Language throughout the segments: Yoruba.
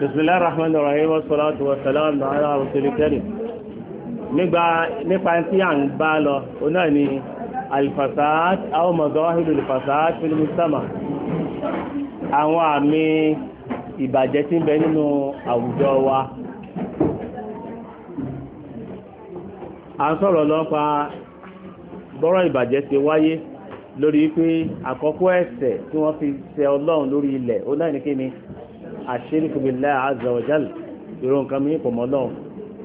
بسم الله الرحمن الرحيم والصلاة والسلام على رسول الكريم nígbà nípa tí a ń bá lọ o náà ni alifasad aw mazahiru alifasad fil mujtama àwọn àmì ìbàjẹ́ tí ń bẹ nínú àwùjọ wa a ń sọ̀rọ̀ lọ́pa bọ́rọ̀ ìbàjẹ́ ti wáyé lórí pé àkọ́kọ́ ẹ̀ṣẹ̀ tí wọ́n fi ṣẹ̀ ọlọ́run lórí ilẹ̀ o náà ni kí ni àṣíríkù billahi azza wa jal ìró nǹkan mi pọ̀ mọ́ Ọlọ́run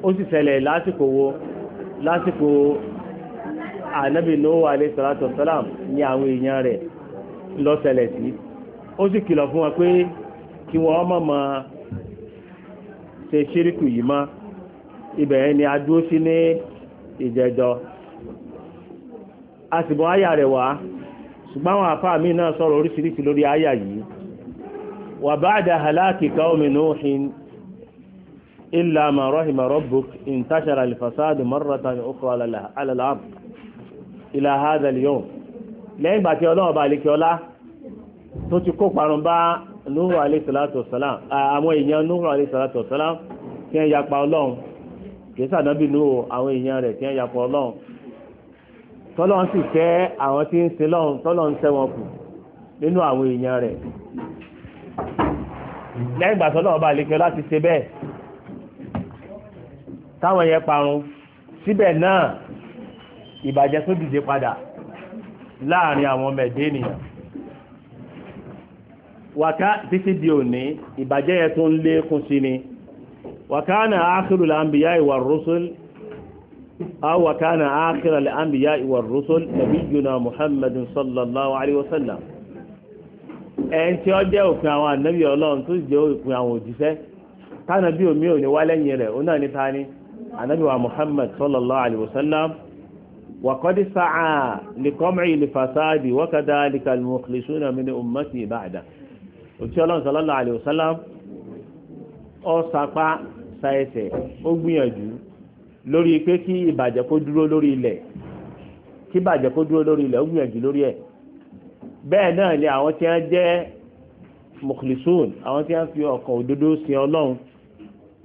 ó sì ṣẹlẹ̀ lásìkò wo lásìkò ànábì Nuhu alayhi salatu wassalam ní àwọn èèyàn rẹ̀ ló sí ó sì kìlọ̀ fún wọn pé kí wọ́n má máa ṣe ṣíríkù yìí mọ́ ibẹ̀ ni a dúró sí ní ìjẹjọ́ a sì bọ́ àyà rẹ̀ wá ṣùgbọ́n àwọn àfáà náà sọ̀rọ̀ oríṣiríṣi lórí yìí wà ba'da halaki qaumi nuhin illa ma rahima rabbuk intashara al-fasadu marratan ukhra ala al-ard ila hadha al-yawm lẹ́yìn ìgbà tí ọlọ́run bá lékè ọlá tó ti kó parun bá Nuhu alayhi salatu wassalam àwọn èèyàn Nuhu alayhi salatu wassalam kí wọ́n yapa ọlọ́run kì í sàdábì Nuhu àwọn èèyàn rẹ̀ kí wọ́n yapa ọlọ́run tọ́lọ́n sì fẹ́ àwọn tí ń sin lọ́run tọ́lọ́n tẹ́ wọn kù nínú àwọn èèyàn rẹ̀ lẹ́yìn ìgbà tó náà bá lè pẹ́ láti ṣe bẹ́ẹ̀ táwọn yẹn parun síbẹ̀ náà ìbàjẹ́ tó dìde padà láàrin àwọn ọmọ ẹ̀dẹ́ ènìyàn wàká títí di òní ìbàjẹ́ yẹn tó ń lékún sí ni wàká náà ákìrù làǹbìyá ìwà rúṣùl أو وكان آخر الأنبياء والرسل نبينا محمد صلى الله عليه وسلم ẹn tí ọ jẹ́ òpin àwọn ànábì ọlọ́run tó jẹ òpin àwọn òjíṣẹ́ tánàbí omi ò ní wá lẹ́yìn rẹ ó náà ní ànábì wa Muhammad sallallahu alayhi wa sallam وقد سعى لقمع الفساد وكذلك المخلصون من امتي بعده òtí ọlọ́run sọlọ́lá àlèòsálàm ọ̀sàpá ó gbìyànjú lórí pé kí ìbàjẹ́ kó dúró lórí ilẹ̀ kí ìbàjẹ́ kó dúró lórí ilẹ̀ ó gbìyànjú lórí ẹ̀ bẹ́ẹ̀ náà ni àwọn tí wọ́n jẹ́ mukhlisun àwọn tí wọ́n fi ọkàn òdodo sin ọlọ́run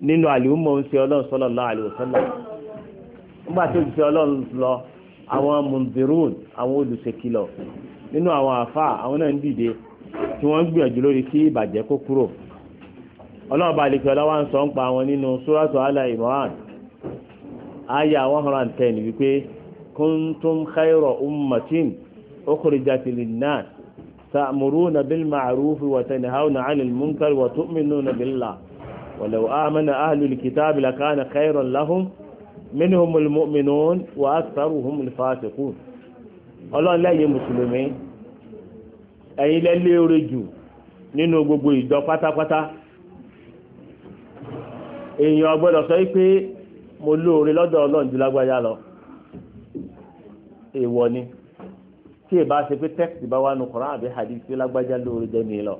nínú àlùmọ̀ ń sin ọlọ́run sallallahu alaihi wasallam nígbà tó sin ọlọ́run lọ àwọn munzirun àwọn olùṣèkìlọ̀ nínú àwọn àfa àwọn náà ń dìde tí wọ́n ń gbìyànjú lórí kí ìbàjẹ́ kó kúrò ọlọ́ọ̀bá àlekè ọlọ́wà ń sọ ń pa àwọn nínú suratu ala imran aya one hundred and ten wípé kuntum khayra ummatin أخرجت للناس تأمرون بالمعروف وتنهون عن المنكر وتؤمنون بالله ولو آمن أهل الكتاب لكان خيرا لهم منهم المؤمنون وأكثرهم الفاسقون الله لا mùsùlùmí ẹ̀yin lẹ́lẹ́ orí jù nínú gbogbo ìjọ pátápátá èèyàn gbọ́dọ̀ sọ pé mo lóore lọ́dọ̀ ọlọ́run jù tí ì bá ṣe pé tẹ́kìtì bá wà nù Kùránì àbí hadith pé lágbájá lóore jẹ́ mi lọ.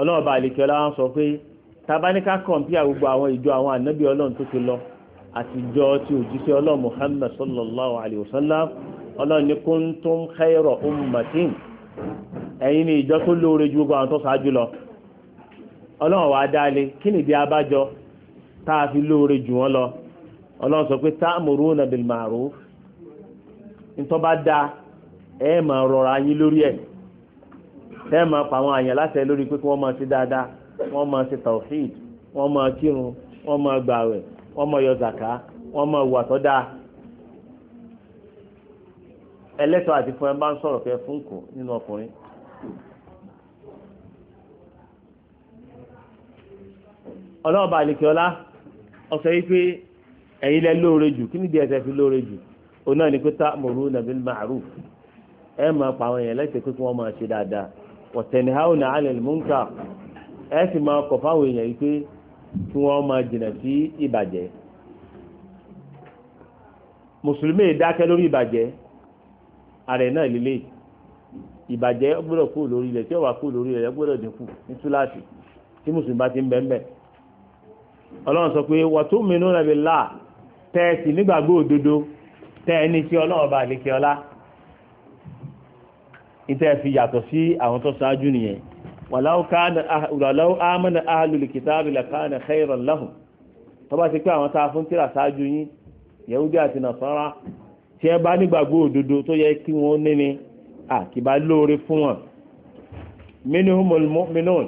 ọlọ́run bá àlèkè ọlá wọn sọ pé tabaníkà kọ̀ǹpìà gbogbo àwọn ìjọ àwọn ànábì ọlọ́run tó ti lọ àtijọ́ tí òjíṣẹ́ ọlọ́run Muhammad sallallahu alayhi wa sallam ọlọ́run ní kuntum khayra ummatin ẹ̀yin ni ìjọ tó lóore ju gbogbo àwọn tó ṣáájú lọ ọlọ́run wàá dáálé kí nìdí abájọ tá a fi lóore jù wọ́n lọ ọlọ́run sọ pé ta'muruna bil ma'ruf ntọ́ bá dáa ẹ máa rọrọ anyị lórí ẹ̀ ẹ pa àwọn àyàn láṣẹ lórí pé kí wọ́n máa ṣe dáadáa wọ́n máa ṣe tawhid wọ́n máa kírun wọ́n máa gbààwẹ̀ wọ́n máa yọ zàká wọ́n máa wà tó dáa àti fún bá sọ̀rọ̀ fẹ́ fún nínú ọkùnrin. ọlọ́ọ̀bà ọ̀sẹ̀ yìí pé ẹ̀yin lóore jù kí nìdí ẹ̀sẹ̀ fi lóore jù òun náà pé ẹ ma pa àwọn èèyàn lẹ́sẹ̀ pé kí wọ́n máa ṣe dáadáa ọ̀tẹ̀ni haúnà alẹ́ múnkà ẹ sì máa kọ̀ fáwọn èèyàn yìí pé kí wọ́n máa jìnà sí ìbàjẹ́ mùsùlùmí dákẹ́ lórí ìbàjẹ́ ààrẹ náà líle ìbàjẹ́ gbọ́dọ̀ kú lórí ilẹ̀ tí ó wà kú lórí ti ń ọlọ́run sọ pé tẹ́ ẹ sì nígbàgbọ́ òdodo tẹ́ ìtẹ́ fi yàtọ̀ sí àwọn tó ṣáájú nìyẹn wàláwó ámàna ah, ahlul kitabi lakana khayran lahum tó bá ti pé àwọn tá a fún tíra ṣáájú yín yahudi àti nasara tí ẹ bá nígbàgbọ́ òdodo tó yẹ kí wọ́n ní ni àkìbá lóore fún wọn minhumul mu'minun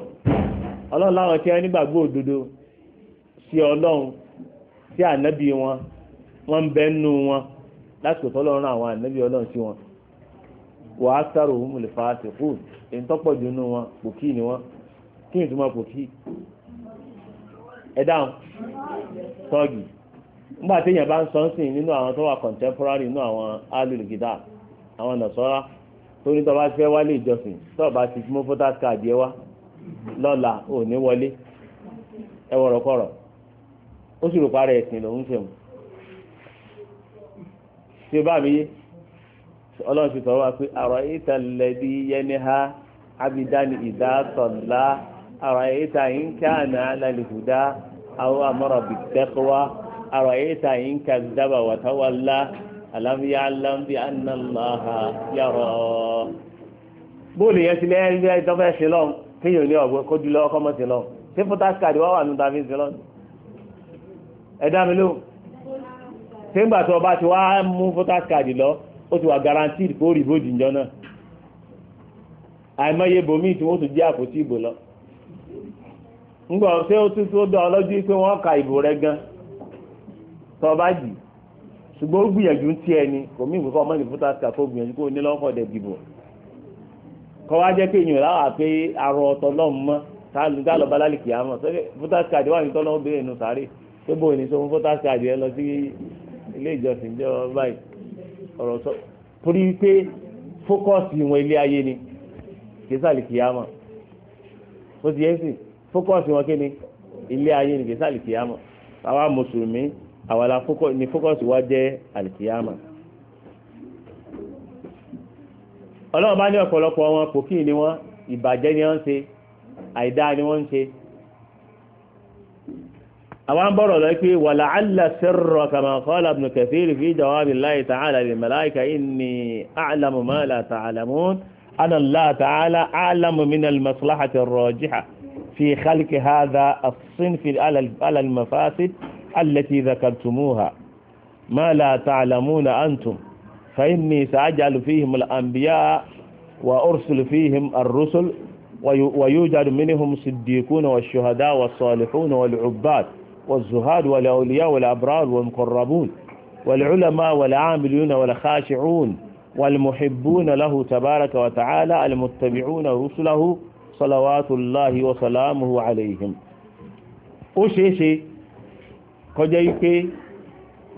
ọlọ́run láwọn tí wọ́n nígbàgbọ́ òdodo sí ọlọ́run sí ànábì wọn wọ́n ń bẹ nínú wọn láti tọ́lọ́run àwọn ànábì ọlọ́run sí wọn wà á sáró òun lè fa àti fún èyí tọ́pọ̀ jù nínú wọn pòkì ni wọn kí ni ìtumọ̀ pòkì ẹ dáhùn tọ́ọ̀gì nígbà tí èèyàn bá ń sọ sí nínú àwọn tó wà contemporary nínú àwọn alùlùgídà àwọn nàṣọ́rá tó ní tọ́ba fẹ́ wálé ìjọsìn tọ́ba ti mú photos card yẹ wá lọ́la ò ní wọlé ẹ wọ̀rọ̀ kọ̀rọ̀ ó sì rò parẹ́ ẹ̀sìn lòún fẹ́ mu tí o bá mi yé ọlọ́run fi sọ̀rọ̀ wá pé àrọ̀ ìta lẹ́bi yẹni ha abidani ìdá sọ̀lá àrọ̀ ìta yín káàná lálẹ́kùdá àwọn amọ̀rọ̀ bí tẹ́kọ̀wá àrọ̀ ìta yín ká dábà wàtáwàlá alámúyá alámúbí análáha yàrá. bóòlù yẹn ti lẹ́yìn ní ẹjọ́ bẹ́ẹ̀ ṣe lọ́n kéèyàn ní ọ̀gbẹ́ kó dúlọ́ ọkọ́ mọ́ sí lọ́n ṣé fúta káàdì wá wà nù tàbí sí lọ́n ẹ̀dá mi lóhùn ṣé ń gbà tó ọba ti wá mú fúta káàdì lọ ó ti wà guaranteed kó rí bóòdì njọ náà àìmọye bòmíì tí wọ́n tún jẹ́ àpótí ìbò lọ ńgbà ṣé ó tún tó dá ọlọ́jú pé wọ́n ka ìbò rẹ gan tọ́ba jì ṣùgbọ́n ó gbìyànjú ń tiẹ̀ ni kò mí ìwé kọ́ ọmọ ìdìbò tàṣà kó gbìyànjú kó ní lọ́kọ̀ dẹ̀ dìbò kọ́ wá jẹ́ pé èèyàn láwà pé arọ ọ̀tọ̀ náà mọ́ táàlù dá lọ́ba lálẹ́ kìá mọ̀ sọ́dẹ̀ voter card wà ní tọ́lọ́ bẹ́ẹ̀ nù sáré tó bóyá ní sọ fún voter card yẹn lọ sí ilé ìjọsìn jẹ́ báyìí ọ̀rọ̀ sọ torí pé fókọ́sì wọn ilé ayé ni kìsàlì kìyàmọ̀ ó ti yẹ sí fókọ́sì wọn kéde ilé ayé ni kìsàlì kìyàmọ̀ àwa mùsùlùmí àwa ni fókọ́sì wa jẹ́ àlìkìyàmọ̀ ọlọ́run bá ní ọ̀pọ̀lọpọ̀ wọn kò kí ni wọn ìbàjẹ́ ni wọ́n ń ṣe àìdáa ni wọ́n ń ṣe أبعان برو ذلك ولعل سر كما قال ابن كثير في جواب الله تعالى للملائكة إني أعلم ما لا تعلمون أنا الله تعالى أعلم من المصلحة الراجحة في خلق هذا الصنف على المفاسد التي ذكرتموها ما لا تعلمون أنتم فإني سأجعل فيهم الأنبياء وأرسل فيهم الرسل ويوجد منهم صديقون والشهداء والصالحون والعباد والزهاد والأولياء والأبرار والمقربون والعلماء والعاملون والخاشعون والمحبون له تبارك وتعالى المتبعون رسله صلوات الله وسلامه عليهم ó ṣeéṣe kọjá wípé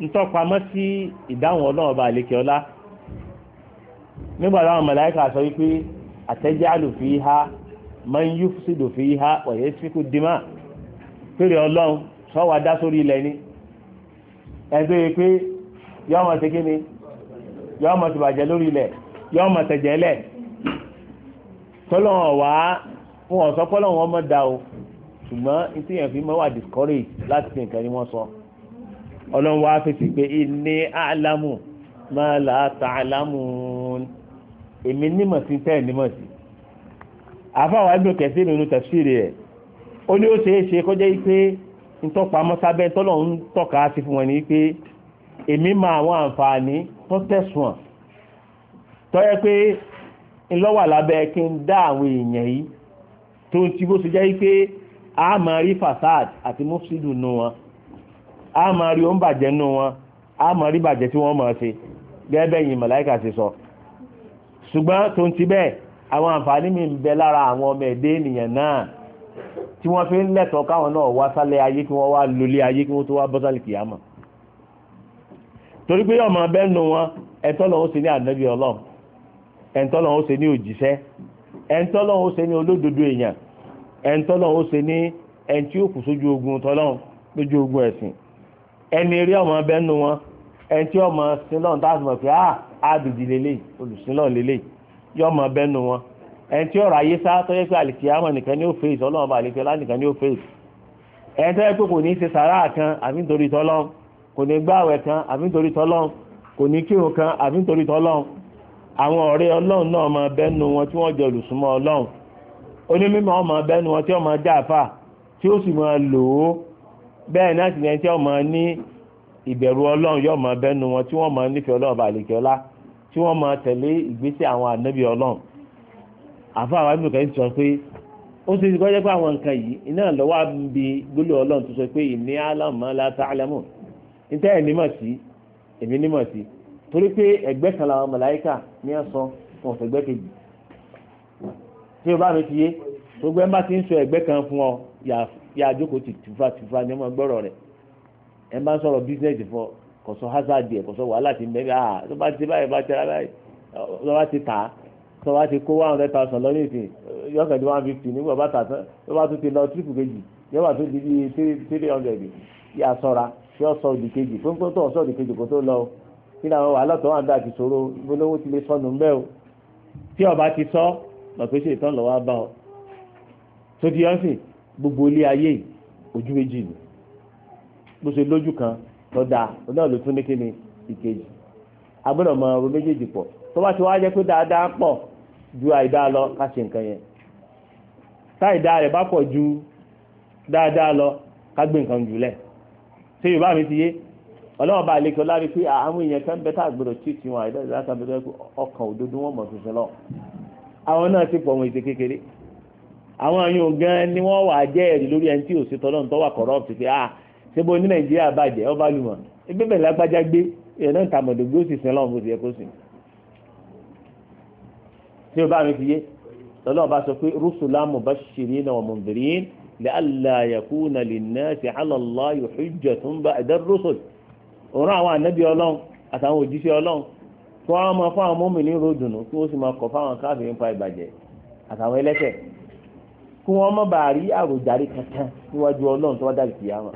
ntọ́pamọ́ sí ìdáhùn ọlọ́run ọba àlekè ọlá nígbà táwọn màláíkà sọ wípé àtẹ́jáàlù fi ha máa ń yúfúsídò fi ha ọ̀yẹ́ síkú dìímà pèrè ọlọ́run sọ́wọ́ adá sórí ilẹ̀ ni ẹgbẹ́ yìí pé yọ́ọ́ mọ̀ sí kí ni yọ́ọ́ mọ̀ sí bàjẹ́ lórí ilẹ̀ yọ́ọ́ mọ̀ sẹ̀jẹ̀ lẹ̀ tọ́lọ́wọ̀n wá fún ọ̀sọ́ pọ́lọ́wọ̀n ọmọ da o ṣùgbọ́n tí yẹn fi mọ́ wà discourage láti fi nǹkan ni wọ́n sọ ọlọ́run wá fèsì pé inni a'lamu ma la ta'lamun èmi nímọ̀ sí tẹ́ nímọ̀ sí àfáwọn ẹgbẹ́ kẹsí nínú tafsiri rẹ̀ ó ní ó ṣeé ṣe kọjá yìí pé ntọ́pa mọ́sábẹ́ tọ́lọ̀ ń tọ́ka sí fún wọn ni pé èmi mọ àwọn àǹfààní tó tẹ̀sùn tọ́yẹ pé ńlọ́wà lábẹ́ kí n dá àwọn èèyàn yìí tó ń ti bó ṣe jẹ́ pé a máa rí fasad àti mufsidu nù wọn a máa rí òǹbàjẹ́ nù wọn a máa rí bàjẹ́ tí wọ́n máa ṣe gẹ́gẹ́ bẹ́ẹ̀ yìí màláìkà ṣe sọ ṣùgbọ́n tó ń ti bẹ́ẹ̀ àwọn àǹfààní mi ń bẹ lára àwọn ọmọ ẹ̀dẹ́ ènìyàn náà tí wọ́n fi ń lẹ́tọ̀ọ́ káwọn náà wá sálẹ̀ ayé kí wọ́n wá lólé ayé kí wọ́n tó wá bọ́sálì kìyàmọ̀ torí pé ọmọ abẹ́nu wọn ẹ̀ńtọ́lọ́ ó ṣe ní ànábì ọlọ́run ẹ̀ńtọ́lọ́ ó ṣe ní òjíṣẹ́ ẹ̀ńtọ́lọ́ ó ṣe ní olódodo èèyàn ẹ̀ńtọ́lọ́ ó ṣe ní ẹni tí ó kù sójú ogun tọ́lọ́run lójú ogun ẹ̀sìn ẹni eré ọmọ abẹ́nu wọn ẹni tí ọmọ sílọ̀ ń tàbí mọ̀ pé á ah, àdùdì lélẹ̀ olùsílọ̀ lélẹ̀ yọ ọmọ abẹ́nu wọn ẹni tí ọ̀rọ̀ ayé sá tọ́jẹ́ pé àlìkìyàmọ̀ nìkan ní ó fèsì ọlọ́run bá àlìkìyàmọ̀ nìkan ní ó fèsì ẹni tọ́jẹ́ pé kò ní ṣe sàráà kan àbí nítorí tọ́lọ́run kò ní gbààwẹ̀ kan àbí nítorí tọ́lọ́run kò ní kírun kan àbí nítorí tọ́lọ́run àwọn ọ̀rẹ́ ọlọ́run náà máa bẹ́nu wọn tí wọ́n jẹ olùsúnmọ́ ọlọ́run onímọ̀ ọmọ bẹ́nu wọn tí wọ́n máa tí ó sì máa lò ó bẹ́ẹ̀ náà sì ní ẹni ní ìbẹ̀rù ọlọ́run yóò máa bẹ́nu wọn tí wọ́n máa nífẹ̀ẹ́ ọlọ́run bàlẹ̀kẹ́ ọlá tí wọ́n máa tẹ̀lé ìgbésẹ̀ àwọn ànábì ọlọ́run àfa àwọn àbúrò kan sọ pé ó ṣe kọ́ jẹ́ pé àwọn nǹkan yìí iná lọ́wọ́ àbí gbólóhùn ọlọ́run tó sọ pé ìní alámọ́ látà alámọ́ níta ẹ̀ nímọ̀ sí èmi nímọ̀ sí torí pé ẹgbẹ́ kan làwọn màláíkà ní ẹ̀sán wọn fẹ́ gbẹ́ kejì tí o bá mi ti yé gbogbo ẹ̀ bá ti ń sọ ẹgbẹ́ kan fún ọ yà á jókòó ti tìfa tìfa ní ọmọ gbọ́rọ̀ rẹ̀ ẹ̀ bá sọ̀rọ̀ bísíǹsì fún ọ kọ̀sọ̀ ẹ̀ kọ̀sọ̀ wàhálà ti mẹ́rin ah tó bá ti báyìí bá ti rárá ẹ̀ tó bá ti tà á tó ti kó one lọ́nà ìsìn yọ̀ọ̀kan di one nígbà bá tà tó bá tún ti lọ tírípù kejì yọ̀ọ̀ bá di bíi three yà sọ̀ra tí ó sọ òdì kejì fún tó sọ òdì kejì kó tó lọ kí ni àwọn wàhálà wà ń dà ti ṣòro ìgbólówó ti lè sọnù ń bẹ́ o tí ọba ti sọ lọ́pẹ́ ṣe ìtàn lọ́wọ́ bá ọ tó di ọ́sìn gbogbo ilé ayé ojú méjì ni bó ṣe lójú kan lọ dáa onáà ló tún ní kíni ìkejì agbọ́dọ̀ mọ ọ̀rọ̀ méjèèjì pọ̀ tó bá ti wá jẹ́ pé dáadáa pọ̀ ju àìdá lọ ká ṣe nǹkan yẹn táìdá rẹ̀ bá pọ̀ ju dáadáa lọ ká gbé nǹkan jùlẹ̀ ṣé yorùbá mi ti yé ọlọ́run bá àlekọ lárí pé àwọn èèyàn kan bẹ tá àgbèrò tí tí wọn àìdá ìdá kan bẹ tó yẹ kó ọkàn òdodo wọn mọ̀ tuntun lọ àwọn náà ti pọ̀ wọn ètè kékeré àwọn àyùn gan ni wọ́n wà jẹ́ ẹ̀rí lórí ẹni tí òsì tọ́lọ́run tó wà corrupt pé ah ṣé bo ní nàìjíríà bàjẹ́ ọba lùmọ̀ ẹgbẹ́ bẹ̀rẹ̀ lágbájá gbé ìyẹn náà tàmọ̀dògbé ó sì sin ọlọ́run bó ti yẹ kó sìn tí o bá mi fi yé lọ́lọ́ bá sọ pé rusulan mubashirina wa mundhirin la'alla yakuna linnasi 'ala Allahi hujjatun ba'da ar-rusul òun àwọn ànábì ọlọ́run àtàwọn òjíṣẹ́ ọlọ́run kí wọ́n máa fún àwọn mọ́mìnì ròdùnú kí wọ́n sì máa kọ̀ fáwọn káàfin pa ìbàjẹ́ àtàwọn ẹlẹ́ṣẹ̀ kí wọ́n má bàa rí àròjàre kankan níwájú ọlọ́run tó wá dàbí kìí àwọn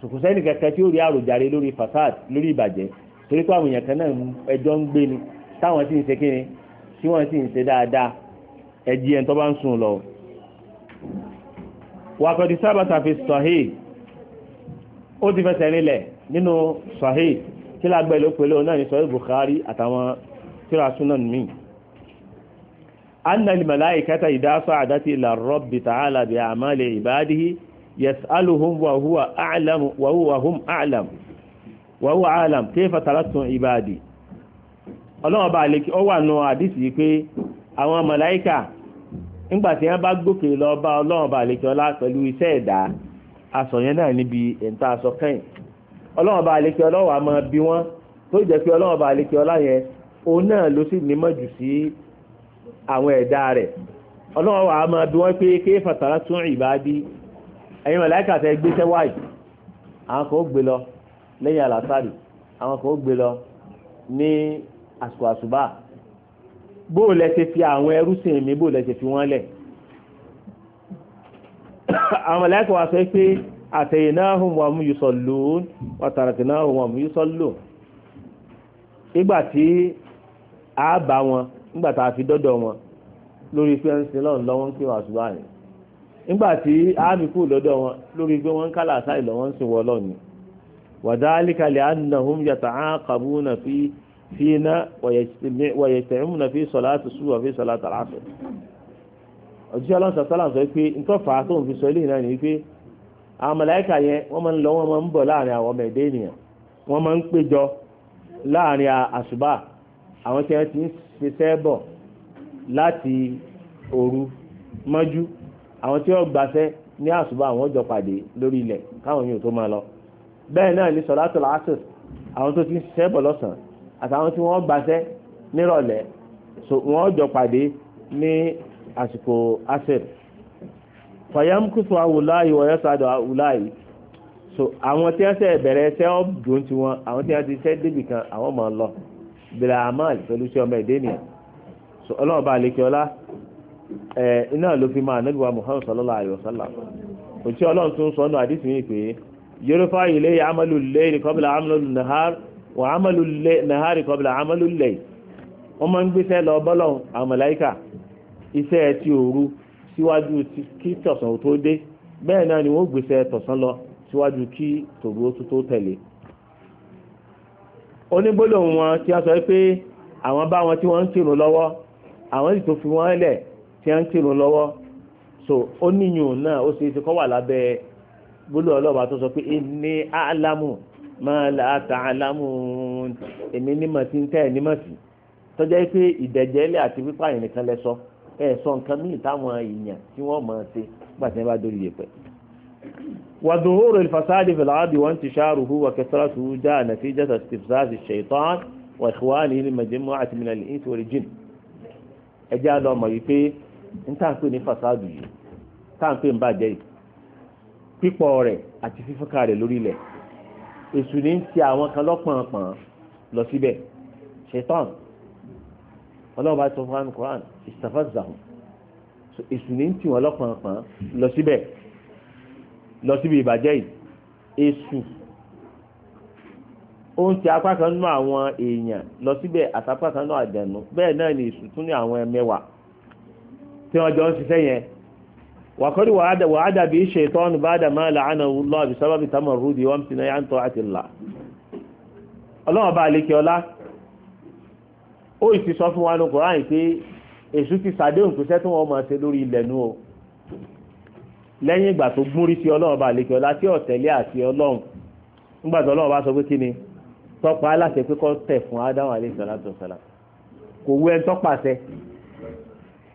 sòkòsẹ́nì kankan tí ó rí àròjàre lórí fasad lórí ìbàjẹ́ torí pé àwọn èèyàn kan náà ẹjọ́ ń gbé ni táwọn sì ń ṣe kíni tí wọ́n sì ń ṣe dáadáa ẹ̀jì ẹ̀ tó bá ń sùn lọ. wàkọ̀dì sábà tàfi sahih ó ti fẹsẹ̀ rinlẹ̀ nínú sahih tí lágbẹ́ ló pẹ̀lú náà ní sahih Bukhari àtàwọn tíra sunan mi. anna al-malaikata idha sa'adat ila rabbi ta'ala bi a'mali ibadihi yas'aluhum wa huwa a'lam wa huwa hum a'lam wa huwa a'lam kayfa tarattu ibadi ọlọ́wọ́n bá lè kí ọ wà nù àdìsí yìí pé àwọn màláíkà nígbà tí wọ́n bá gòkè lọ bá ọlọ́wọ́n bá lè kí ọlá pẹ̀lú iṣẹ́ ẹ̀dá aṣọ yẹn náà níbi ẹ̀ńtà aṣọ kẹ́yìn ọlọ́wọ́n bá lè kí ọlọ́wọ́ àmọ́ bí wọ́n tó jẹ́ pé ọlọ́wọ́n bá lè kí yẹn òun náà ló sì nímọ̀ jù sí àwọn ẹ̀dá rẹ̀ ọlọ́wọ́ àmọ́ bí wọ́n pé ké ní àsùkò àsùbá bó lẹ ṣe fi àwọn ẹrúsìn mi bó lẹ ṣe fi wọ́n lẹ̀ àwọn ẹlẹ́kọ̀ọ́ wa sọ pé àtẹ̀yìnáhùn wà mú yùsọ̀lùún wàtàràkìnáhùn wà mú yùsọ̀lùún nígbà tí a bá wọn nígbà tá a fi dọ́dọ̀ wọn lórí pé ń sin lọ́run kí wàásù báyìí nígbà tí a mi kú lọ́dọ̀ wọn lórí pé wọ́n kálà sáì lọ́wọ́ sin wọ́n lọ́ni wàdálíkalẹ̀ annahum yata'aqabuna fi فينا ويجتمعون في صلاة الصبح وفي صلاة العصر òjíṣẹ́ ọlọ́run sàtọ́là sọ pé nǹkan fà á tó ń fi sọ eléyìí náà ni pé àwọn mọ̀láìkà yẹn wọ́n máa ń lọ wọ́n máa ń bọ̀ láàrin àwọn ọmọ ẹ̀dẹ́ ènìyàn wọ́n máa ń péjọ láàrin àṣùbà àwọn tí wọ́n ti ń ṣiṣẹ́ bọ̀ láti òru mọ́jú àwọn tí wọ́n gbàṣẹ́ ní àṣùbà àwọn jọ pàdé lórí ilẹ̀ káwọn yóò tó máa lọ bẹ́ẹ̀ náà ni sọ̀látọ̀lá àṣẹ àwọn tó ti ń ṣiṣẹ́ bọ̀ lọ́sàn-án àtàwọn tí wọ́n gbàṣẹ́ nírọ̀lẹ́ so wọ́n jọ pàdé ní àsìkò asir fàyàmùkùsù awùláyì wọ̀nyẹ́ sàdọ̀ awùláyì so àwọn tí wọ́n sẹ̀ bẹ̀rẹ̀ ẹsẹ̀ ọ̀dùn tí wọ́n àwọn tí wọ́n ti sẹ́ débì kan àwọn mọ̀ ń lọ bẹ̀rẹ̀ amal pẹ̀lú sí ọmọ ẹ̀dẹ́ nìyẹn so ọlọ́run bá àlekè ọlá ẹ̀ iná ló fi máa nábì wa muhammad sallallahu alayhi wa sallam òtí ọlọ́run tún sọ ọ́nà àdìsí mi pé yorùbá ilé amalu lẹ́yìn kọ́bílà amalu nahar wọ́n amalu lẹ́ nàhárì kọ́bìlà amalu lẹ́ wọ́n máa ń gbéṣẹ́ lọ bọ́lọ̀ àwọn màláíkà iṣẹ́ ti òru síwájú kí tọ̀sán tó dé bẹ́ẹ̀ náà ni wọ́n gbéṣẹ́ tọ̀sán lọ síwájú kí tòru ó tó tẹ̀lé onígbólóhùn wọn tí a sọ pé àwọn bá wọn tí wọ́n ń kírun lọ́wọ́ àwọn sì tó fi wọ́n lẹ̀ tí wọ́n ń kírun lọ́wọ́ so ó níyùn náà ó ṣe é ṣe kọ́ wà lábẹ́ gbólóhùn ọlọ́ọ̀bá máa là á ta alámù èmi nímọ̀ sí ń tẹ́ ẹ̀ nímọ̀ sí tọ́jà yìí pé ìdẹ̀jẹ̀lẹ̀ àti pípa yìí nìkan lẹ sọ ẹ sọ nǹkan míì táwọn èèyàn tí wọ́n mọ̀ ṣe nígbà tí wọ́n bá dórí yẹpẹ̀. وظهور الفساد في العرض وانتشاره وكثرته جاء نتيجة استفزاز الشيطان وإخوانه لمجموعة من الإنس والجن ẹjá lọ mọ̀ wípé ń tàn pé ní fasádù yìí tàn pé ń bàjẹ́ yìí pípọ̀ rẹ̀ àti fífúnka rẹ̀ lórílẹ̀ èṣù ní ti àwọn kan lọ́pọ̀npọ̀n lọ síbẹ̀ ṣetán ọlọ́run bá sọ fún wa ní Quran istafazahum èṣù ní ti wọn lọ́pọ̀npọ̀n lọ síbẹ̀ lọ síbi ìbàjẹ́ yìí èṣù ó ń ti apá kan nínú àwọn èèyàn lọ síbẹ̀ àtàpá kan nínú àjẹnú bẹ́ẹ̀ náà ni èṣù tún ní àwọn ẹmẹ́wàá tí wọ́n jọ ń ṣiṣẹ́ yẹn وقد وعد وعد به الشيطان بعد ما لعنه الله بسبب تمرده وامتناعه عن طاعة الله ọlọ́run bá lékè ọlá ó sì sọ fún wa ní Kùránì pé èṣù ti sàdéhùn pé sẹ́tún wọn máa ṣe lórí ilẹ̀ nú o lẹ́yìn ìgbà tó gúnrí sí ọlọ́run bá lékè ọlá tí ọ̀tẹ̀lé àti ọlọ́run nígbà tó ọlọ́run bá sọ pé kí ni tọ́pa aláṣẹ pé kọ́ tẹ̀ fún Ádámù alayhi salatu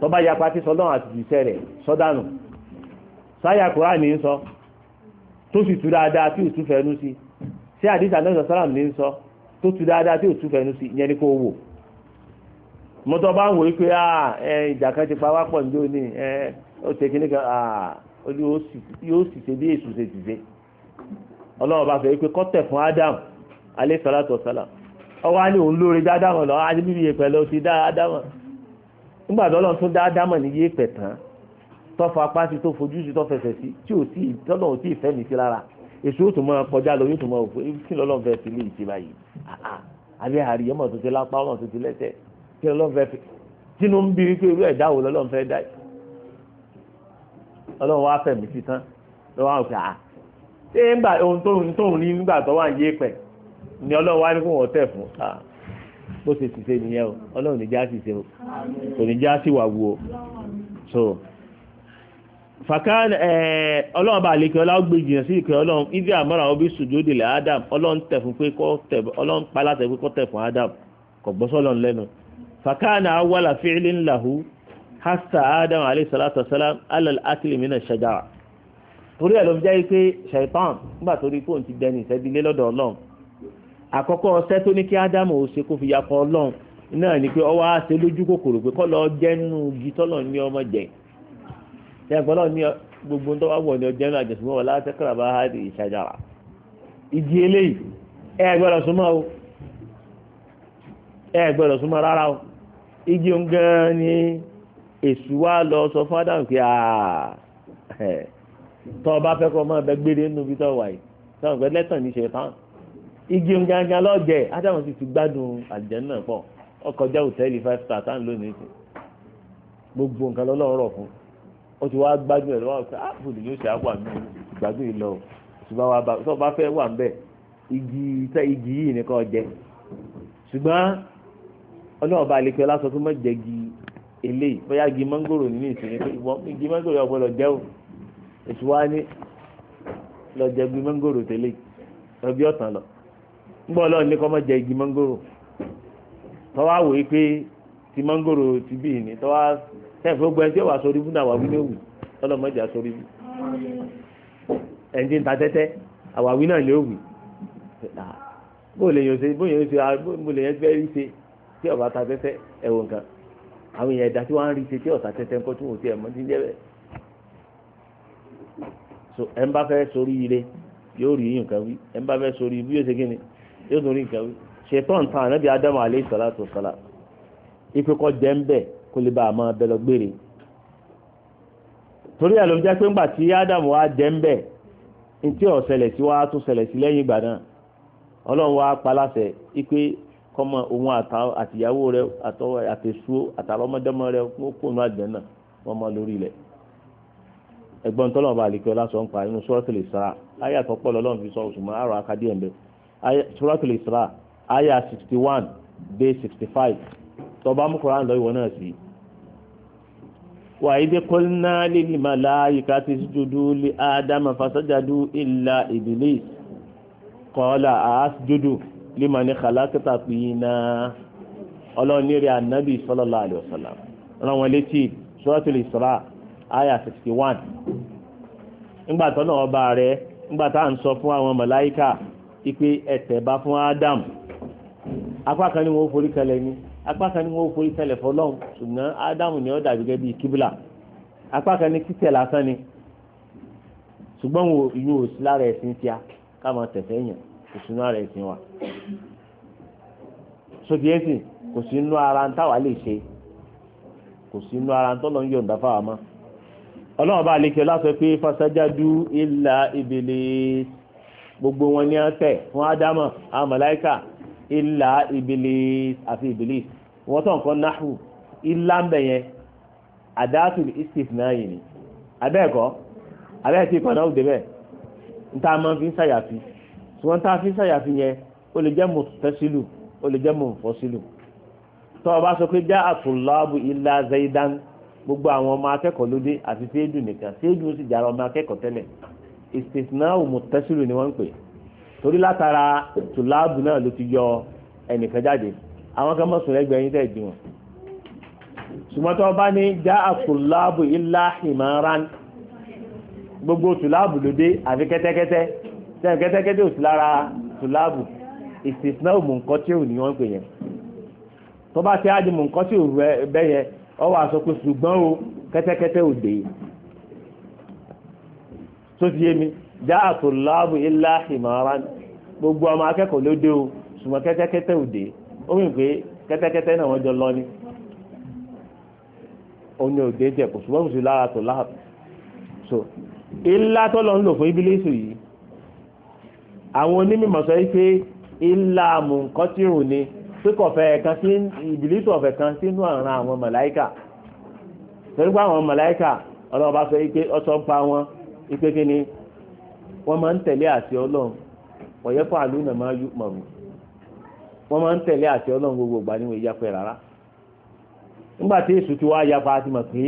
tó bá yapa tí sọlọ́run àti ìṣẹ́ rẹ̀ sọ́dánù sáyà Kùránì ní sọ tó sì tú dáadáa tí ò tú fẹnu sí sí àdìsá náà sọ ní sọ tó tú tí ò tú sí ìyẹn ni kò wò mọ́tọ́ bá ń wòye pé ah, ìjà kan pa wá pọ̀ òní ó kíní kan ah, yóò sì ṣe bí èṣù ṣe ọlọ́run bá fẹ́ pé fún Ádámù ọwọ́ á ní òun dáadáa mọ̀ lọ́wọ́ á ní bíbí nígbà tó lọ́n tún dá dámọ̀ ní yé pẹ̀ tán tọ́fọ apá sí tó fojú sí tọ́fẹsẹ̀ sí tí ò tí tọ́lọ̀ ò tí ì fẹ́mi sí rárá èso ó tún máa kọjá lọ yóò tún máa òfin kí lọ́lọ́n fẹ́ fi lè ṣe báyìí àbí àrí ọmọ tó ti lápá ọmọ tó ti lẹ́sẹ̀ kí lọ́lọ́n fẹ́ fi tínú ń bí wípé irú ẹ̀dá wo lọ́lọ́n fẹ́ dá yìí ọlọ́run wá fẹ̀mí sí tán lọ́wọ́ àwọn ọ̀gá ṣé ń gbà ohun tóun rí nígbà tó wà ń yé pẹ̀ ni ọlọ́run wá ní kó wọ́n tẹ̀ fún bó ṣe ṣiṣẹ́ nìyẹn o ọlọ́run ní já ṣiṣẹ́ o kò ní já sí wàwù o so fàkàn ẹ ọlọ́run bá àlekè ọlá ó gbé jìnnà sí ìkẹ́ ọlọ́run ibi àmọ́ra àwọn bí sùjúdì lẹ̀ Adam ọlọ́run tẹ̀ pé kọ́ tẹ̀ ọlọ́run palásẹ̀ pé kọ́ tẹ̀ fún kò gbọ́ sọ́lọ́run lẹ́nu fàkàn hasa Adam alayhi salatu wasalam alal akli mina torí ẹ̀ ló fi jẹ́ pé ṣaitan nígbà torí pé òun dẹni ìṣẹ́bí lé lọ́dọ̀ ọlọ́run àkọ́kọ́ ọṣẹ́ tó ní kí ádámù ó ṣe kó fi yakọ ọlọ́run náà ni pé ọwọ́ àṣẹ lójú kòkòrò pé kọ́ lọ jẹ́ nínú igi tọ́lọ̀ ní ọmọ jẹ ẹ̀gbọ́n náà ní gbogbo tó wà wọ̀ ní ọjọ́ náà àjẹsùn wọn láti kọ́ra bá hádì ìṣàjára ìdí eléyìí ẹ gbọ́dọ̀ súnmọ́ o ẹ gbọ́dọ̀ súnmọ́ rárá o igi òun gan-an ni èṣù wa lọ sọ fún ádámù pé tọ́ ọ bá fẹ́ kọ́ ọmọ ẹgbẹ́ gbére nínú ibi tọ́ tọ́ ọ̀gbẹ́ lẹ́tàn ní ṣe tán igi gangan lọ́jẹ̀ ádámù sì ti gbádùn àlìjẹ́nà pọ̀ ọkọjá òtẹ́ẹ̀lì five star tán lónìí sí gbogbo nǹkan lọ́lọ́run rọ̀ fún ó ti wá gbádùn ẹ̀ lọ́wọ́ pé áàpù ah, ni yóò ṣe àwà mí gbádùn yìí lọ ṣùgbọ́n wa bá tó bá fẹ́ wà ń bẹ̀ igi tẹ́ igi yìí nìkan jẹ ṣùgbọ́n ọlọ́run bá lè fi ọlá sọ pé má jẹ igi eléyìí bóyá igi mọ́ngòrò nínú ìsinmi pé ìwọ igi mọ́ngòrò yóò gbọ́dọ̀ jẹ́ o ètò wa ní lọ jẹ igi mọ́ngòrò tẹ́lẹ̀ lọ bí ọ̀tàn lọ ńgbọ́ ọlọ́run ní kọ́ mọ́ jẹ igi mọ́ngòrò tọ́wá wò ó pé ti mọ́ngòrò ti bì ní tọ́wá sẹ́fẹ̀ ó gbọ́ ẹni tí ó wà sórí bú náà wà wí ní òwì ọlọ́run mọ́jà sórí bú ẹni tí ń ta tẹ́tẹ́ àwàwí náà ní òwì bóòlù yẹn ṣe bóòlù yẹn ṣe bóòlù yẹn fẹ́ rí ṣe tí ọba ta tẹ́tẹ́ ẹ̀wọ̀n kan àwọn èèyàn ẹ̀dá tí wọ́n á rí ṣe tí ọ̀tá tẹ́tẹ́ ńkọ́ tí wọ́n ti ẹ̀mọ́ ti jẹ́ ẹ̀ ń bá fẹ́ sórí ire yóò rí nǹkan wí ẹ̀ ń bá fẹ́ sórí ibi yóò ṣe kí ni yóò tún rí nǹkan wí ṣètọ́n tán ànábì ádámù alayhi salatu wassalam ipe kọ́ jẹ́ ń bẹ̀ kó lè bá a máa gbére torí ẹ̀ ló jẹ́ pé ńgbà tí ádámù wá jẹ́ ń bẹ̀ ntí ó ṣẹlẹ̀ sí wa tún ṣẹlẹ̀ sí lẹ́yìn ìgbà náà ọlọ́run wa paláṣẹ ipe kọ́mọ òun àtìyàwó rẹ̀ àtẹ̀sù àtàlọ́mọdọ́mọ rẹ̀ kó nù àjẹ́nà wọ́n mọ lórí ilẹ̀ ẹgbọ́n tọ́lọ́mọba àlekẹ́ ọlá sọ ń pa inú sọ́ọ́tì lè sára láyé àtọ́pọ̀ lọ́lọ́run fi sọ òṣùmọ́ àrò akadé ẹ̀ ń bẹ́ẹ̀. suratul isra aya 61 one dé sixty five tọba mú koran wa idh qulna lil malaikati isjudu li adama fasajadu illa iblis qala asjudu limani khalaqta tina ọlọ́run ní rí sallallahu alaihi wasallam rán wọn létí isra aya 61 one ńgbà na ọba rẹ̀ ńgbà tá ipe ẹ̀tẹ̀ bá fún Adam, apá kan ni wọ́n forí kalẹ̀ ni apá kan ni wọ́n forí kalẹ̀ fọlọ́hún ṣùgbọ́n Adam ni ó dà gẹ́gẹ́ bíi kíbílà apá kan ni títẹ̀ lásán ni ṣùgbọ́n wo ìyún òsì lára ẹ̀sìn tíá ká máa tẹ̀fẹ́ yàn òsínú ara ẹ̀sìn wa sodiẹ́sì kò sí inú ara ń táwa lè ṣe kò sí inú ara ń tọ́lọ́ ń yọ̀ǹda fáwa mọ́ ọlọ́run bá lè kí ọ lásọ pé fasajadu illa Iblis gbogbo wọn ní ọ̀tẹ̀ fún ádámọ̀ àwọn màláíkà ilà ibilis àfi ibilis wọ́n tàn kọ́ náhù ilà ń bẹ̀ yẹn àdáàtù istisnaa yìí ni abẹ́ẹ̀kọ́ abẹ́ẹ̀ tí ìkọ̀nà òde bẹ́ẹ̀ ń tá a máa fi ń ṣàyàfi ṣùgbọ́n tá fi ń ṣàyàfi yẹn ó lè jẹ́ mọ̀tẹ́sílù ó lè jẹ́ mọ̀fọ́sílù tó o bá sọ pé já àtúnláàbù ilà zaidan gbogbo àwọn ọmọ akẹ́kọ̀ọ́ lóde àti séèdù nìkan séèdù ó sì jára ọmọ akẹ́kọ̀ọ́ tẹ́lẹ̀ istisnau muttasilu ni wọ́n pe torí látara tùláàbù náà ló ti yọ ẹnìkan jáde àwọn kan mọ̀sùn tẹ̀ ṣùgbọ́n tó bá ní gbogbo tùláàbù ló dé àfi kẹ́tẹ́kẹ́tẹ́ sẹ́yìn kẹ́tẹ́kẹ́tẹ́ ò sí lára tùláàbù istisnau munqati'u ni wọ́n pè yẹn tó bá tó ti yé mi já àtòláàbù ilá ìmọ̀ràn gbogbo ọmọ akẹ́kọ̀ọ́ ló dé o ṣùgbọ́n kẹ́tẹ́kẹ́tẹ́ ò ó mì pé kẹ́tẹ́kẹ́tẹ́ náà wọ́n jọ lọ ni òun ni jẹ kò ṣùgbọ́n kò sí lára àtòláàbù so ilá tó lọ ń lò fún ibilísù yìí àwọn onímọ̀ sọ wípé ilá mùnkọ́tìrù ni síkọ̀fẹ́ kan sí ìbílísù ọ̀fẹ́ kan sínú àrùn àwọn màláíkà torí pé àwọn màláíkà ọlọ́ọ̀bá sọ wípé ọ̀sán pa wọn ipe ni wọ́n máa ń tẹ̀lé a ọlọ́run ọ̀yẹ́ àlùnà máa yú mọ̀ wọ́n máa ń tẹ̀lé ọlọ́run gbogbo ìgbà níwọ̀n ìyapẹ́ rárá nígbà tí èṣù ti wá yapa ti mọ̀ pé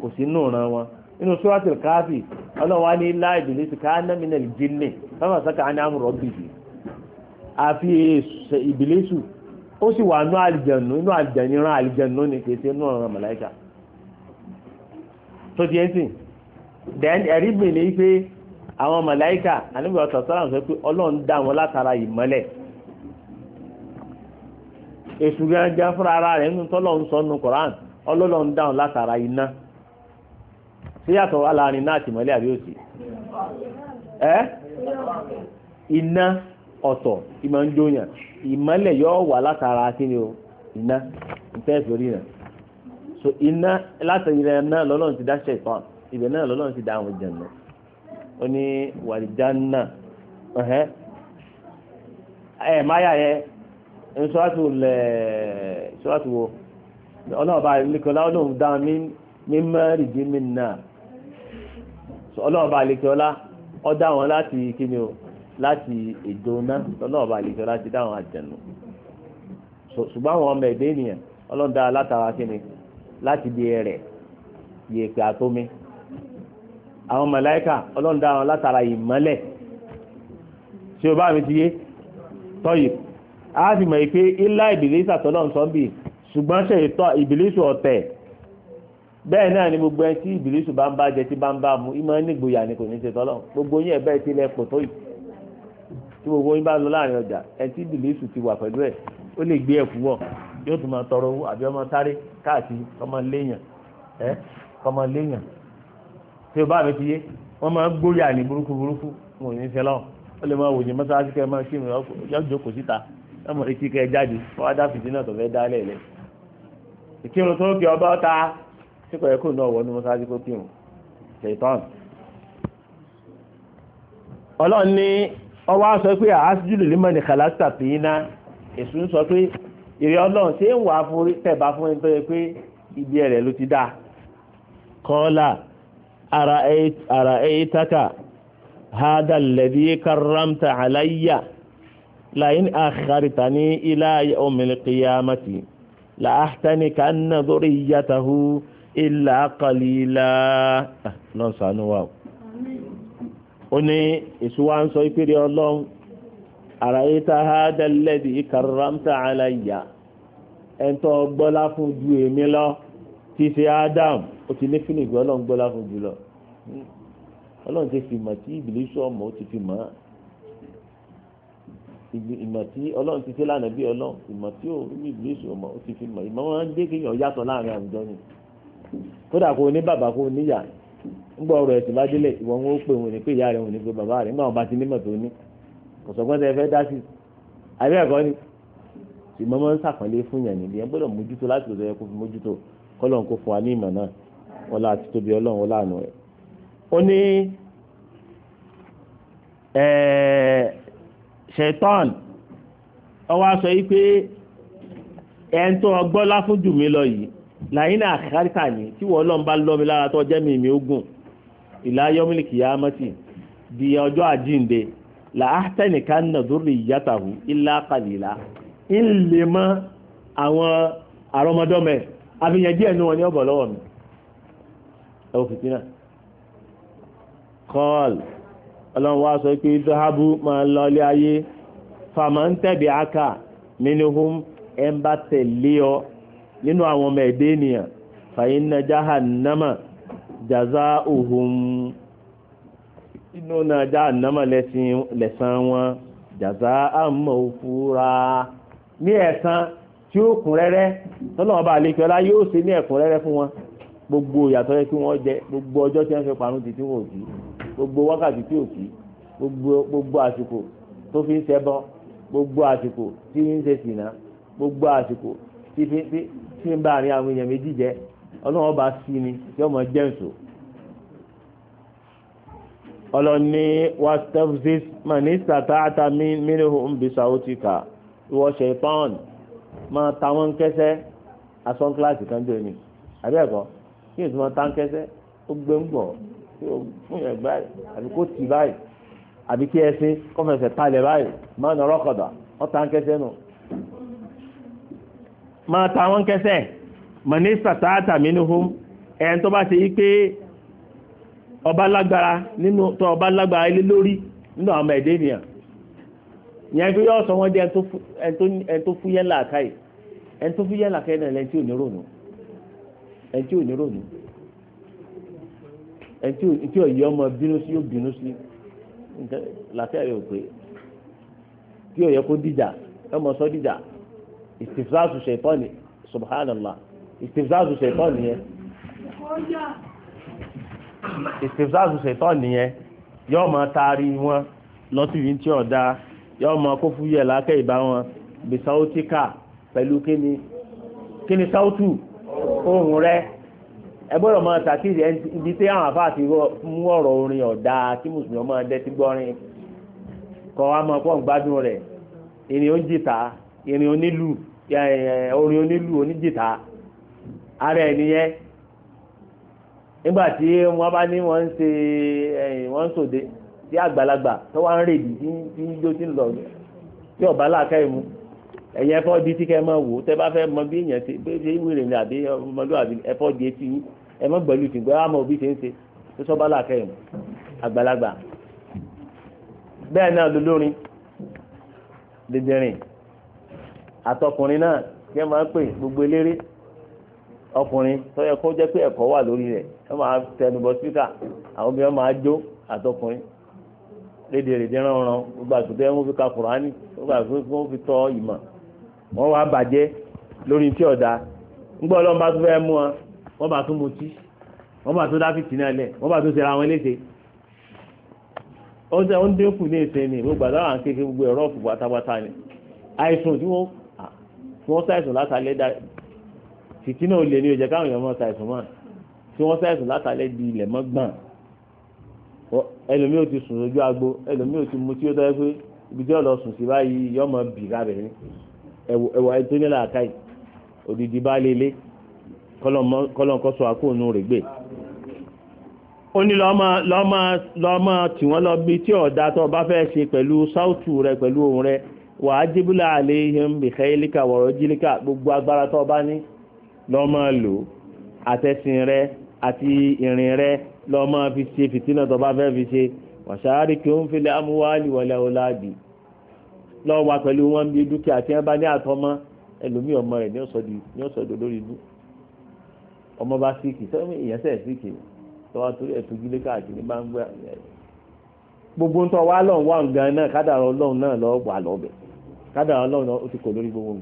kò sí nù ran wọn nínú suratul káfí ọlọ́run wá ní ilá ìbílẹ̀ ti ká nàmínà ìdílé fáwọn àṣàkà á ní àmúrọ̀ bìbì àfi ìbílẹ̀ ó sì wà nú àlìjẹ̀nù àlìjẹ̀nù then ẹ̀rí gbìn ní pé àwọn màláíkà àníbi ọ̀sán sọ́làmù sọ pé ọlọ́run dá wọn látara ìmọ́lẹ̀ èṣù gángan fúnra ara rẹ̀ tọ́lọ̀ ń sọ koran ọlọ́run dá wọn látara iná síyàtọ̀ wà láàrin náà àtìmọ́lẹ̀ àbí òsì ẹ́ iná ọ̀tọ̀ ìmọ̀ ń jóyàn ìmọ́lẹ̀ yóò wà látara o iná ìfẹ́ ìfẹ́ orí so iná látara lọ́lọ́run ti dá ibẹ̀ náà lọ́lọ́run ti dá àwọn jẹ̀nà ó ní wàlìjánà ẹ̀ máyà yẹ ń sọ́wọ́tò lẹ̀ sọ́wọ́tò wo ọlọ́ọ̀bá nìkọ́lá ọlọ́run dá mi mẹ́rin dín mi ọlọ́ọ̀bá ọ dá láti kíni o láti ìdóná ọlọ́ọ̀bá nìkọ́lá láti ṣùgbọ́n àwọn ọmọ ẹ̀dẹ́ ènìyàn látara kíni láti di ẹ̀rẹ̀ yèèpẹ̀ àwọn màláíkà ọlọ́run dá wọn látara ìmọ́lẹ̀ tí o bá mi ti yé tọ́yì a sì mọ̀ pé ilá ìbìlísì àtọ́lọ́run sọ ṣùgbọ́n ṣe ìtọ́ ìbìlísì ọ̀tẹ̀ bẹ́ẹ̀ náà ni gbogbo ẹni tí ìbìlísì bá ń bá jẹ tí bá ń bá mu ìmọ̀ nígboyà ni kò ní ṣe tọ́lọ́run gbogbo yín ẹ̀bẹ́ ti lẹ pọ̀ tọ́yì tí gbogbo yín bá lọ láàrin ọjà ẹni tí ìbìlísì ti wà pẹ̀lú ẹ̀ ó lè gbé ẹ̀kú wọ̀ yóò tún máa tọrọ owó àbí ọmọ sáré káàkiri kọ́mọ léèyàn ẹ́ kọ́mọ léèyàn tí o bá mi ti yé wọ́n máa gbóyà ní burúkú burúkú wọn ò ní fẹ́ lọ́wọ́ ó lè máa wòye mọ́sáàsì kẹ́ máa kí ìrìn jókòó síta ọmọ etí kẹ́ jáde wọ́n á dá fìdí náà tó fẹ́ dá lẹ́lẹ́ ìkírun tó kí ọba ọta síkọ̀ ẹ̀kọ́ náà wọ́n ní mọ́sáàsì kó kírun ṣètọ́n. ọlọ́run ní ọwọ́ sọ pé àásìjúlù lè mọ̀ ní kàlásìtà pé iná èṣù ń sọ pé èrè ọlọ́run ṣé ń wà fún tẹ̀ fún ẹni tó yẹ pé ibi ẹ̀rẹ̀ ló ti dáa kọ́ọ́lá أرأيتك هذا الذي كرمت علي لئن أخرتني إلى يوم القيامة لأحتنكن ذريته إلا قليلا lọ́n sànú wa o. ó ní ìṣúwà ń sọ ìpèrè ọlọ́run ara yìí ta ha dẹ́lẹ́dì ìkàrọ̀mta gbọ́lá fún ju èmi lọ tí ṣe Adam ó ti ní feeling pé ọlọ́run gbọ́lá fún jùlọ ọlọ́run ti fi mọ̀ tí ìbílísù ọmọ ó ti fi mọ̀ á ìmọ̀ tí ọlọ́run ti ṣe lánàá bí ọlọ́run ìmọ̀ tí ó ní ìbílísù ọmọ ó ti fi mọ̀ ìmọ̀ wọn dé kéèyàn yàtọ̀ láàrin àwùjọ ni kódà kó o ní bàbá kó o níyà ńgbọ́ ọ̀rọ̀ ẹ̀sìn bá délé ìwọ wọn ó pè wọn ní pé ìyá rẹ̀ wọn ní pé bàbá rẹ̀ ńgbà wọn bá ti nímọ̀ tó ní kọ̀sọ̀gbọ́n tẹ fẹ́ dá sí àbí ẹ̀kọ́ ni ìmọ̀ máa ń sàpọ̀lé fún yàn níbi ẹ̀ gbọ́dọ̀ mójútó láti lọ́dọ̀ yẹ kó fi mójútó kọ́lọ́n kó fún wa ní ìmọ̀ náà wọ́n lá ti tóbi ọlọ́run wọ́n láàánú rẹ̀. ó ní ṣètọ́n ọwọ́ aṣọ yìí pé ẹni tó ọgbọ́n láfúnjù mi lọ yìí làyín náà káríkà ní tí wọ́n lọ́n bá lọ́ mi lára tó jẹ́ mi mi ogun ìláyọ́mílìkì yá mọ́tì di ọjọ́ àjínde làátẹ́nìkan náà ìyàtàwù ìlà kàlìlà ńlẹ̀ mọ́ àwọn àrọ́mọdọ́mẹ́ àbíyàn díẹ̀ ní wọn ní ọ̀bọ̀ lọ́wọ́ mi ẹwọ fìtínà kọ́ọ̀lù ọlọ́run wá sọ pé dọ́hábù máa ń lọlé ayé fàmà ń tẹ̀bi aka minhum ẹ̀ ń bá tẹ̀lé ọ nínú àwọn ọmọ ẹ̀dẹ́ ènìyàn fàyín na jahannama jazauhum inú na jahannama lẹ́sàn wọn jaza'an mawfura ní ẹ̀sán tí ó kún rẹ́rẹ́ tọ́lọ́ ọba àlekẹ́lá yóò ṣe ní ẹ̀kún rẹ́rẹ́ fún wọn gbogbo ìyàtọ̀ yẹ kí wọ́n jẹ gbogbo ọjọ́ tí wọ́n fi parun ti tí wọ́n ò kí gbogbo wákàtí tí ò kí gbogbo àsìkò tó fi ń ṣẹbọ gbogbo àsìkò tí ń ṣe sìnà gbogbo àsìkò tí fi ń bá àárín àwọn èèyàn méjì jẹ ọlọ́run ọba sí ni tí ọmọ jẹ́ nsò ọlọ́ni wastafziz man istata'ta minhum bisawtika ìwọ ṣaitan máa ta wọn kẹsẹ́ asọ́n kíláàsì kan jẹ́ ni àbí ẹ̀kọ́ kí èso máa ta ń kẹsẹ́ ó gbé ń bọ̀ fún yẹn báyìí àbí kó tì báyìí àbí kí ẹsìn kọ́fẹsẹ̀ talẹ̀ báyìí máa nà ọlọ́kọ̀dà wọ́n ta ń kẹsẹ́ nù. máa ta wọn kẹsẹ́ mọ̀nísítà tààtà mi ní hóm ẹ̀yẹn tó bá ṣe yí pé ọba lágbára nínú tó ọba lágbára ilé lórí nínú àwọn ọmọ ẹ̀dẹ́ ènìyàn ìyẹn tó yọ sọ wọn di ẹni tó fúyẹ́ làákà yìí ẹni tó fúyẹ́ làákà yìí náà lẹ́ni tí ò ní rònú ẹni tí ò ní rònú ẹni tí ò yí ọmọ bínú sí yóò bínú sí làákà yìí ò pé tí ò yẹ kó dìjà ọmọ sọ dìjà ìtìfúláṣù ṣètọ́ni subhanallah ìtìfúláṣù ṣètọ́ni yẹn ìtìfúláṣù ṣètọ́ni yẹn yọ ọmọ taari wọn lọ síbi tí ọ̀ dáa yọ ọmọ kó fúyẹ́ lákẹ́ ìbá wọn bisautika pẹ̀lú kíni kíni sautu ohun rẹ ẹ gbọ́dọ̀ máa tàkìrì ibi tí àwọn afá ti mú ọ̀rọ̀ orin ọ̀dà kí mùsùlùmí máa dẹ́tí gbọ́rin kọ́ wa máa pọ̀ ń gbádùn rẹ̀ ìrìn oníjìta ìrìn onílù orin onílù oníjìta ara ẹ̀ nìyẹn nígbà tí wọ́n bá ní wọ́n ń ṣe wọ́n ń ṣòde. So tí àgbàlagbà tó wá ń rèdí tí ń jó tí ń lọ tí ọba láàká ìmú ẹ̀yìn ẹ̀fọ́ di tí kẹ́ máa wò tẹ́ bá fẹ́ mọ bí èèyàn ṣe bí ṣe wúre ní àbí ọmọlúwàbí ẹ̀fọ́ di etí yín ẹ mọ́ gbẹ̀lú ti gbẹ́ àmọ́ òbí ṣe ń ṣe tó sọ́ba láàká ìmú àgbàlagbà bẹ́ẹ̀ náà lolórin dìndìnrìn àtọkùnrin náà kí ẹ máa ń pè gbogbo eléré ọkùnrin tó yẹ kó jẹ́ pé ẹ̀kọ́ wà lórí rẹ̀ ẹ máa tẹnubọ síkà àwọn obìnrin máa jó àtọkùnrin léde rèdè ránran gbogbo àtúntẹ́ wọn fi ka kùránì gbogbo àtúntẹ́ wọn fi tọ́ ìmọ̀ wọn wá bàjẹ́ lórí tí ọ̀dà ńgbọ́ ọlọ́run bá tún fẹ́ mú wọn wọ́n bá tún mutí wọ́n bá tún dáfìtì náà lẹ̀ wọ́n bá tún ṣera wọn léṣe ọ̀sẹ̀ ó ń dínkù ní ìsìn ni gbogbo àtàwọn àwọn kékeré gbogbo ẹ̀rọ ọ̀fù pátápátá ni àìsùn tí wọ́n ṣàìsùn látàlẹ́ dá tìtínà olè ní ó jẹ́ káwọn èèyàn mọ́ ṣàìsùn mọ́ tí wọ́n ṣàìsùn látàlẹ́ di ilẹ̀ mọ́gbọ̀n ẹlòmí ò ti sùn lójú agbo ẹlòmí ò ti mu tí ó dọ́ pé ibi tí ọ̀lọ́ sùn sí báyìí yọ ọmọ bì lábẹ́ ní ẹwà tó ní làákàyè òdìdí bá lélẹ̀ kọ́lọ́n kọ́ sọ àkóònù rẹ̀ gbé. ó ní lọ́mọ tí wọ́n lọ bí tí ọ̀dà tó bá fẹ́ ṣe pẹ̀lú sáùtù rẹ pẹ̀lú ohùn rẹ wà jíbúlà àlẹ́ ihun bìkẹ́ ilíkà wọ̀rọ̀ jílíkà gbogbo agbára tó bá ní lọ́mọ lò àtẹ̀sìn rẹ àti ìrìn rẹ lọ́ọ́ máa fi ṣe fìtínà tó bá fẹ́ fi ṣe wàṣáárì kí òun fìlẹ̀ amúwáàlì wọlé ọ̀làdì lọ́ọ́ wà pẹ̀lú wọn bí dúkìá tí wọ́n bá ní àtọ́mọ́ ẹlòmíì ọmọ rẹ̀ ní ọ̀sọ̀dọ̀ lórí ibú ọmọ bá síkì sẹ́wọ́n èèyàn sẹ́ẹ̀ síkì tọ́wọ́ torí ẹ̀tún gílé káàkiri bá ń gbé gbogbo ń tọ́ wá lọ́n wá nǹkan náà kádàrá ọlọ́run náà lọ́ wà lọ́bẹ̀ kádàrá ọlọ́run náà ó ti kò lórí gbogbo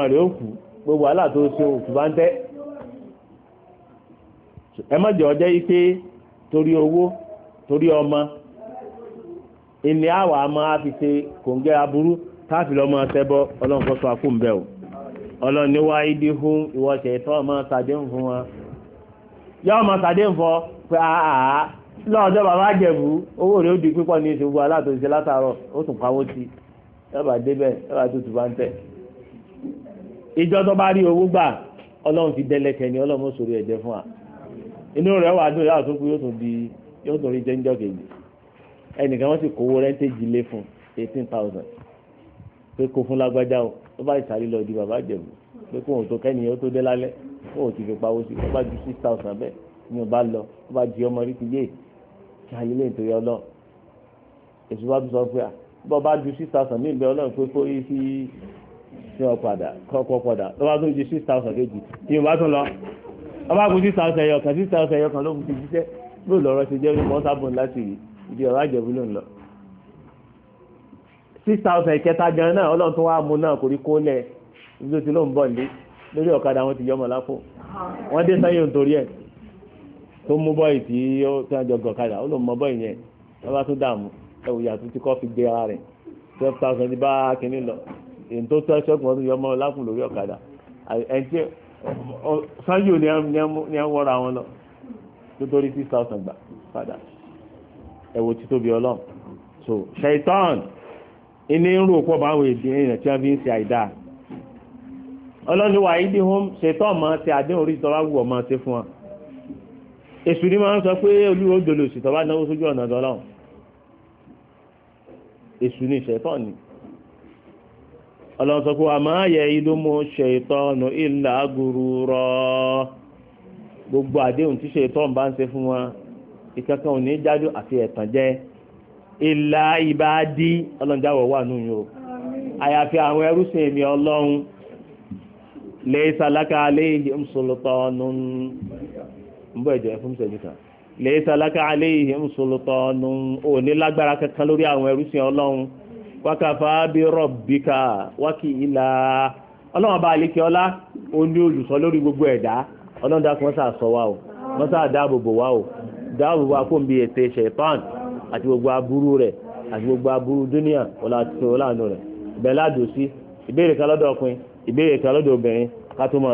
nǹkan gbogbo àlà tó ṣe òkú bá ń tẹ́ ẹ má jẹ́ ọjọ́ yìí pé torí owó torí ọmọ ìní àwà máa fi ṣe kòǹgẹ́ aburú káàfin lọ́mọ ṣẹbọ ọlọ́run kọ́ sọ akúńbẹ́ o ọlọ́run ní wáyé dí fún ìwọ̀ṣẹ̀ tó ọmọ ṣàdéhùn fún wọn yọ ọmọ ṣàdéhùn fọ pé àá lọ́ọ̀dọ́ bàbá jẹ̀bú owó rẹ̀ ó di pípọ̀ ní ìṣòwò alátòṣe látàárọ̀ ó tún pawó sí ẹ bá débẹ̀ ẹ bá tó tù bá ń tẹ̀ ìjọ tó bá rí owó gbà ọlọ́run ti dẹ́lẹ́kẹ̀ ni ọlọ́run sòrò ẹ̀jẹ̀ fún wa inú rẹ̀ wà dùn yàrá tó kú yóò tún di yóò tún rí jẹ́ńjọ́ kejì ẹnìkan wọ́n sì kówó rẹ́ńtéjì lé fún eighteen thousand pé kó fún lágbájá o tó bá ìsàlẹ̀ lọ di bàbá jẹ̀bù pé kó òun tó kẹ́niyàn ó tó dé lálẹ́ kó òun ti fi pawó sí tó ju six thousand bẹ́ẹ̀ ni ò bá lọ tó bá di ọmọ rí ti yé kí ayé lè torí ọlọ́run èso bá tún sọ pé à bọ́ bá ju six thousand ní tí wọ́n kọ́kọ́ padà tó tó ju six thousand kejì tí wọ́n bá tún lọ wọ́n kú six thousand ẹyọ kan six thousand ẹyọ kan ló kù ti jíṣẹ́ bó lọ́rọ́ ṣe jẹ́ wípé ọ̀sá láti rí ọ̀rọ̀ àjẹ̀bú ló ń lọ. six thousand kẹta gan náà ọlọ́run tó wá mú náà kò rí kó lẹ̀ ibi ti ló ń bọ̀ lé lórí ọ̀kadà wọn ti yọmọ lápò wọ́n dé sáyé nítorí ẹ̀ tó mú bọ́ì tí ó tí wọ́n jọ gọ̀kadà ó ló mọ bọ́ì yẹn wọ́n tó dààmú ẹ̀wù yàtú ti kọ́ fi gbé ara rẹ̀ twelve thousand bá kínní lọ èyí tó tọ́ ṣẹ́gun ọdún yọmọ ọlákùn lórí ọ̀kadà ẹ̀ńtí sanyo ni ẹ ń wọ́ra wọn lọ nítorí six thousand gbà padà ẹ̀wò títóbi ọlọ́run so ṣèitán iní ń rò pọ̀ báwọn èdè èèyàn tí wọ́n fi ń ṣe àìdá ọlọ́ni wà yìí dín hóm ṣèitán máa ṣe àdéhùn orí ìtọ́wá wù ọ́ máa ṣe fún wọn èṣù ni máa ń sọ pé olúwo dolo sì tọ́wá náwó sójú ọ̀nà dọ́lọ́run èṣù ni ṣèitán ni ọlọ́sọ̀kú àmọ́ ayẹ ìlú mú ṣètọ́nù ìlà rọ gbogbo àdéhùn tí ṣètọ́n bá ń ṣe fún wọn ìkankan ò ní jáde àti ẹ̀tàn jẹ́ ìlà ìbáàdí ọlọ́njáwọ̀ wà nù o àyàfi àwọn ẹrúsìn èmi ọlọ́run lè kan lè wákàfà bi rọ̀bíkà wákì ilà ọlọ́run bá àlékè ọlá ó ní olùsọ lórí gbogbo ẹ̀dá ọlọ́run dákun sà sọ wa o wọ́n sà dáàbòbò wa o dáàbòbò akóńbi ètè ṣẹ̀tàn àti gbogbo aburú rẹ̀ àti gbogbo aburú dúníà ọlá tó ọlá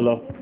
rẹ̀